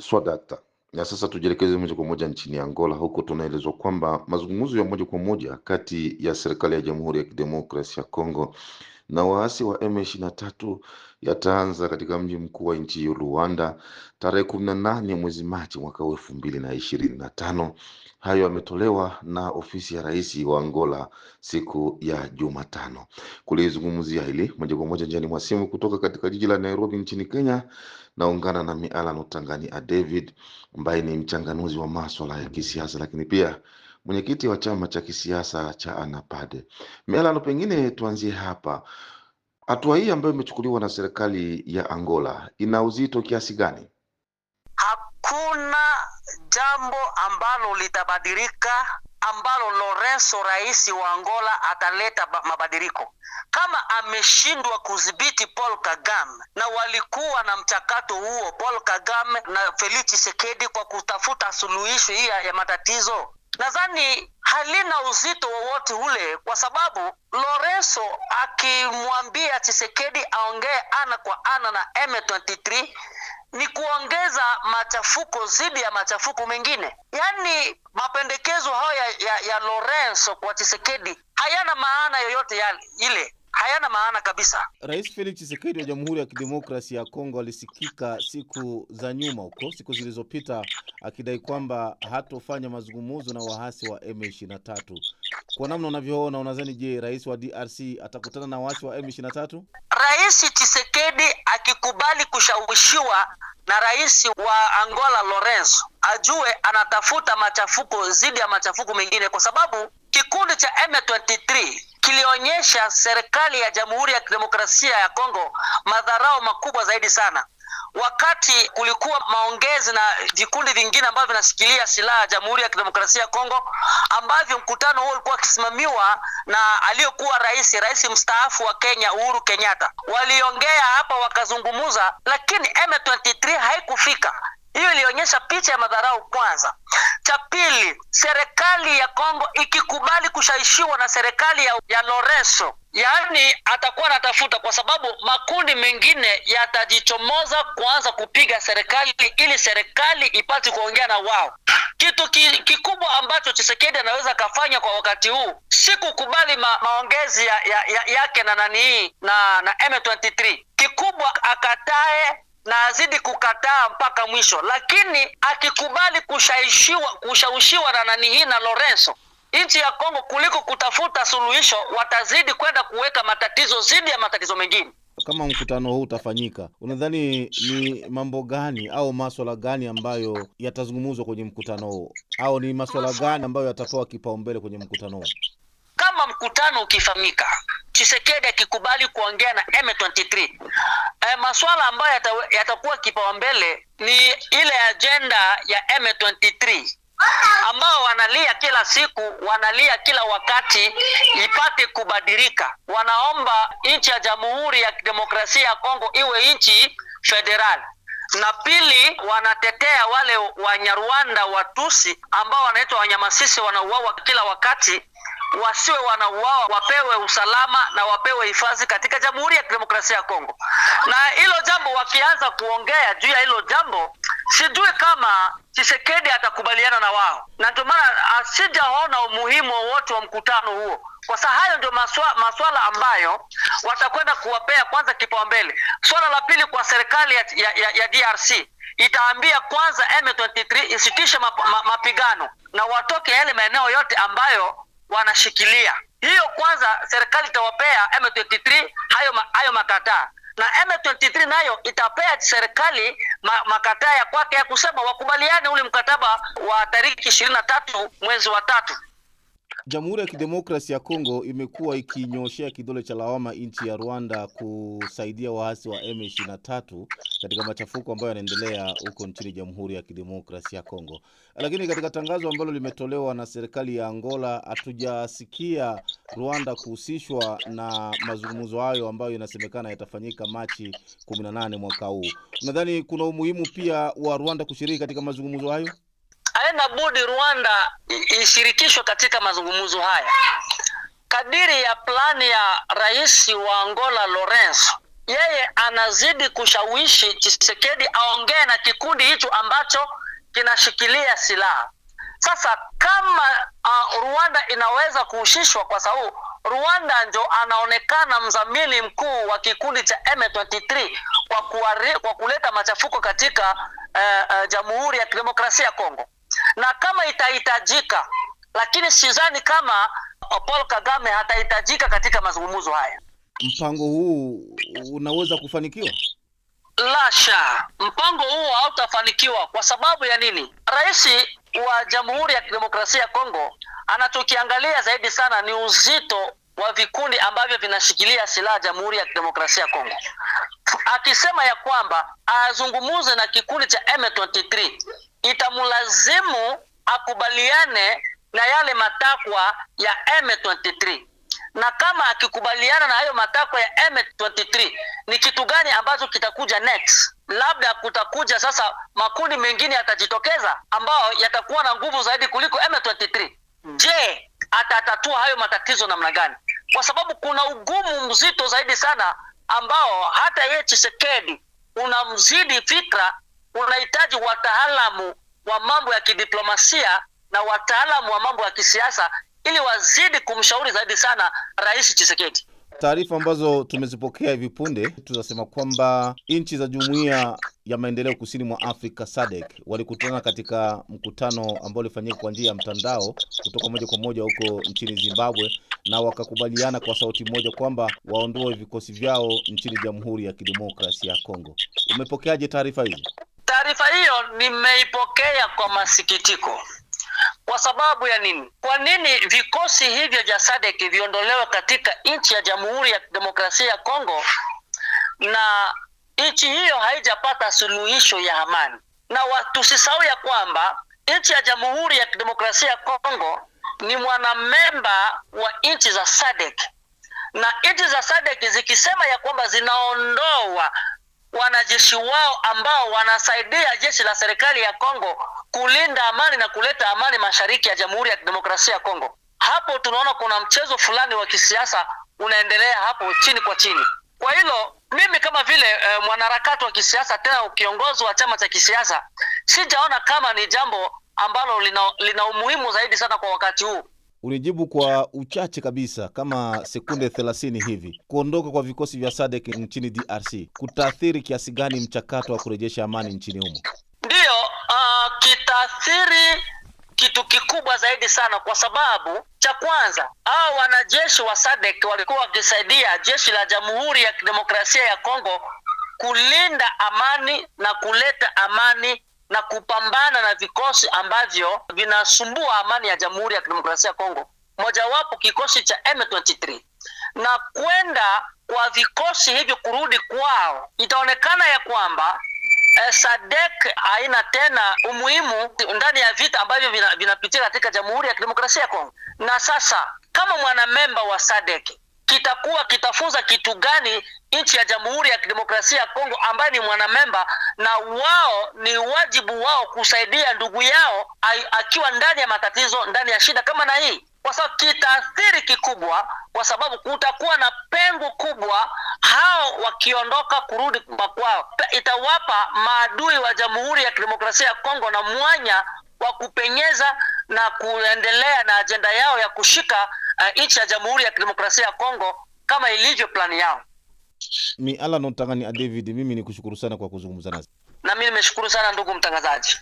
Swadakta. Na sasa tujielekeze moja kwa moja nchini Angola, huku tunaelezwa kwamba mazungumzo ya moja kwa moja kati ya serikali ya Jamhuri ya Kidemokrasia ya Kongo na waasi wa M23 yataanza katika mji mkuu wa nchi hiyo Luanda tarehe kumi na nane mwezi Machi mwaka elfu mbili na ishirini na tano. Hayo yametolewa na ofisi ya rais wa Angola siku ya Jumatano. Kulizungumzia hili moja kwa moja njiani mwa simu kutoka katika jiji la Nairobi nchini Kenya, naungana na Mialan Utangani a David ambaye ni mchanganuzi wa maswala ya kisiasa, lakini pia mwenyekiti wa chama cha kisiasa cha Anapade. Melano, pengine tuanzie hapa. Hatua hii ambayo imechukuliwa na serikali ya Angola ina uzito kiasi gani? Hakuna jambo ambalo litabadilika ambalo Lorenzo rais wa Angola ataleta mabadiliko kama ameshindwa kudhibiti Paul Kagame, na walikuwa na mchakato huo Paul Kagame na Felix Tshisekedi kwa kutafuta suluhisho hii ya matatizo nadhani halina uzito wowote ule, kwa sababu loreso akimwambia Chisekedi aongee ana kwa ana na M23 ni kuongeza machafuko dhidi ya machafuko mengine. Yaani mapendekezo hayo ya, ya, ya lorenso kwa Chisekedi hayana maana yoyote ya ile hayana maana kabisa. Rais Felix Tshisekedi wa Jamhuri ya Kidemokrasia ya Kongo alisikika siku za nyuma huko, siku zilizopita, akidai kwamba hatofanya mazungumzo na waasi wa M23. Kwa namna unavyoona, unadhani je, rais wa DRC atakutana na waasi wa M23? Rais Tshisekedi akikubali kushawishiwa na rais wa Angola Lorenzo, ajue anatafuta machafuko zidi ya machafuko mengine, kwa sababu Kikundi cha M23 kilionyesha serikali ya Jamhuri ya Kidemokrasia ya Kongo madharau makubwa zaidi sana wakati kulikuwa maongezi na vikundi vingine ambavyo vinashikilia silaha ya Jamhuri ya Kidemokrasia ya Kongo, ambavyo mkutano huo ulikuwa akisimamiwa na aliyekuwa rais rais mstaafu wa Kenya Uhuru Kenyatta. Waliongea hapa wakazungumuza, lakini M23 haikufika. Hiyo ilionyesha picha ya madharau kwanza. Cha pili, serikali ya Kongo ikikubali kushaishiwa na serikali ya, ya Lorenzo, yaani atakuwa anatafuta, kwa sababu makundi mengine yatajichomoza kuanza kupiga serikali ili serikali ipate kuongea na wao. Kitu ki, kikubwa ambacho chisekedi anaweza akafanya kwa wakati huu si kukubali ma, maongezi ya, ya, ya, yake na nani na, na M23 kikubwa akatae na azidi kukataa mpaka mwisho, lakini akikubali kushawishiwa kushawishiwa na nani hii na Lorenzo nchi ya Kongo kuliko kutafuta suluhisho, watazidi kwenda kuweka matatizo zidi ya matatizo mengine. Kama mkutano huu utafanyika, unadhani ni mambo gani au maswala gani ambayo yatazungumzwa kwenye mkutano huu, au ni maswala gani ambayo yatapewa kipaumbele kwenye mkutano huu? Kama mkutano ukifanyika Chisekedi akikubali kuongea na M23 e, eh, masuala ambayo yatakuwa yata kipaumbele ni ile ajenda ya M23 ambao wanalia kila siku, wanalia kila wakati ipate kubadilika. Wanaomba nchi ya Jamhuri ya Kidemokrasia ya Kongo iwe nchi federal na pili, wanatetea wale Wanyarwanda Watusi ambao wanaitwa Wanyamasisi, wanauawa kila wakati wasiwe wanauawa, wapewe usalama na wapewe hifadhi katika Jamhuri ya Kidemokrasia ya Kongo. Na hilo jambo wakianza kuongea juu ya hilo jambo, sijui kama chisekedi atakubaliana na wao, na ndio maana asijaona ah, umuhimu wowote wa mkutano huo. Kwa sasa hayo ndio maswa, maswala ambayo watakwenda kuwapea kwanza kipaumbele. Swala la pili kwa serikali ya, ya, ya DRC itaambia kwanza M23 isitishe mapigano na watoke yale maeneo yote ambayo wanashikilia hiyo. Kwanza serikali itawapea M23 hayo, ma, hayo makataa na M23 nayo itapea serikali makataa ya kwake ya kusema wakubaliane ule mkataba wa tariki ishirini na tatu mwezi wa tatu. Jamhuri ya Kidemokrasi ya Kongo imekuwa ikinyoshea kidole cha lawama nchi ya Rwanda kusaidia waasi wa M23 katika machafuko ambayo yanaendelea huko nchini Jamhuri ya Kidemokrasi ya Kongo, lakini katika tangazo ambalo limetolewa na serikali ya Angola hatujasikia Rwanda kuhusishwa na mazungumzo hayo ambayo inasemekana yatafanyika Machi 18 mwaka huu. Nadhani kuna umuhimu pia wa Rwanda kushiriki katika mazungumzo hayo haina budi Rwanda ishirikishwe katika mazungumzo haya. Kadiri ya plani ya rais wa Angola Lorenzo, yeye anazidi kushawishi Tshisekedi aongee na kikundi hicho ambacho kinashikilia silaha. Sasa kama uh, Rwanda inaweza kuhushishwa kwa sababu Rwanda ndio anaonekana mdhamini mkuu wa kikundi cha M23 kwa, kuwari, kwa kuleta machafuko katika uh, uh, Jamhuri ya Kidemokrasia ya Kongo na kama itahitajika, lakini sidhani kama Paul Kagame hatahitajika katika mazungumzo haya. Mpango huu unaweza kufanikiwa? Lasha, mpango huu hautafanikiwa. Kwa sababu ya nini? Rais wa Jamhuri ya Kidemokrasia ya Kongo anachokiangalia zaidi sana ni uzito wa vikundi ambavyo vinashikilia silaha Jamhuri ya Kidemokrasia ya Kongo, akisema ya kwamba azungumuze na kikundi cha M23 itamulazimu akubaliane na yale matakwa ya M23 na kama akikubaliana na hayo matakwa ya M23, ni kitu gani ambacho kitakuja next? Labda kutakuja sasa makundi mengine yatajitokeza ambayo yatakuwa na nguvu zaidi kuliko M23. Hmm. Je, atatatua hayo matatizo namna gani? Kwa sababu kuna ugumu mzito zaidi sana ambao hata yeye Tshisekedi unamzidi fikra unahitaji wataalamu wa mambo ya kidiplomasia na wataalamu wa mambo ya kisiasa ili wazidi kumshauri zaidi sana Rais Chisekedi. Taarifa ambazo tumezipokea hivi punde tunasema kwamba nchi za jumuiya ya maendeleo kusini mwa Afrika SADC walikutana katika mkutano ambao ulifanyika kwa njia ya mtandao kutoka moja kwa moja huko nchini Zimbabwe, na wakakubaliana kwa sauti moja kwamba waondoe vikosi vyao nchini Jamhuri ya Kidemokrasia ya Kongo. Umepokeaje taarifa hizi? Taarifa hiyo nimeipokea kwa masikitiko. Kwa sababu ya nini? Kwa nini vikosi hivyo vya sadek viondolewe katika nchi ya Jamhuri ya Demokrasia ya Kongo na nchi hiyo haijapata suluhisho ya amani? Na tusisahau ya kwamba nchi ya Jamhuri ya kidemokrasia ya Kongo ni mwanamemba wa nchi za sadek na nchi za sadek zikisema ya kwamba zinaondoa wanajeshi wao ambao wanasaidia jeshi la serikali ya Kongo kulinda amani na kuleta amani mashariki ya Jamhuri ya Kidemokrasia ya Kongo. Hapo tunaona kuna mchezo fulani wa kisiasa unaendelea hapo chini kwa chini. Kwa hilo mimi kama vile e, mwanaharakati wa kisiasa tena ukiongozi wa chama cha kisiasa sijaona kama ni jambo ambalo lina, lina umuhimu zaidi sana kwa wakati huu ulijibu kwa uchache kabisa kama sekunde 30 hivi. Kuondoka kwa vikosi vya SADC nchini DRC kutaathiri kiasi gani mchakato wa kurejesha amani nchini humo? Ndiyo, uh, ah, kitaathiri kitu kikubwa zaidi sana, kwa sababu cha kwanza, hao wanajeshi wa SADC walikuwa wakisaidia jeshi la Jamhuri ya Kidemokrasia ya Kongo kulinda amani na kuleta amani na kupambana na vikosi ambavyo vinasumbua amani ya Jamhuri ya Kidemokrasia ya Kongo, mojawapo kikosi cha M23 na kwenda kwa vikosi hivyo kurudi kwao, itaonekana ya kwamba eh, SADC haina tena umuhimu ndani ya vita ambavyo vinapitia katika Jamhuri ya Kidemokrasia ya Kongo. Na sasa kama mwanamemba wa SADC kitakuwa kitafunza kitu gani nchi ya Jamhuri ya Kidemokrasia ya Kongo ambaye ni mwanamemba, na wao ni wajibu wao kusaidia ndugu yao akiwa ndani ya matatizo, ndani ya shida kama na hii, kwa sababu kitaathiri kikubwa, kwa sababu kutakuwa na pengo kubwa. Hao wakiondoka kurudi kwao itawapa maadui wa Jamhuri ya Kidemokrasia ya Kongo na mwanya wa kupenyeza na kuendelea na ajenda yao ya kushika uh, nchi ya Jamhuri ya Kidemokrasia ya Kongo kama ilivyo plani yao. Mi ala notangani a David, mimi kushukuru sana kwa kuzungumza nasi. Na mi nimeshukuru sana ndugu mtangazaji.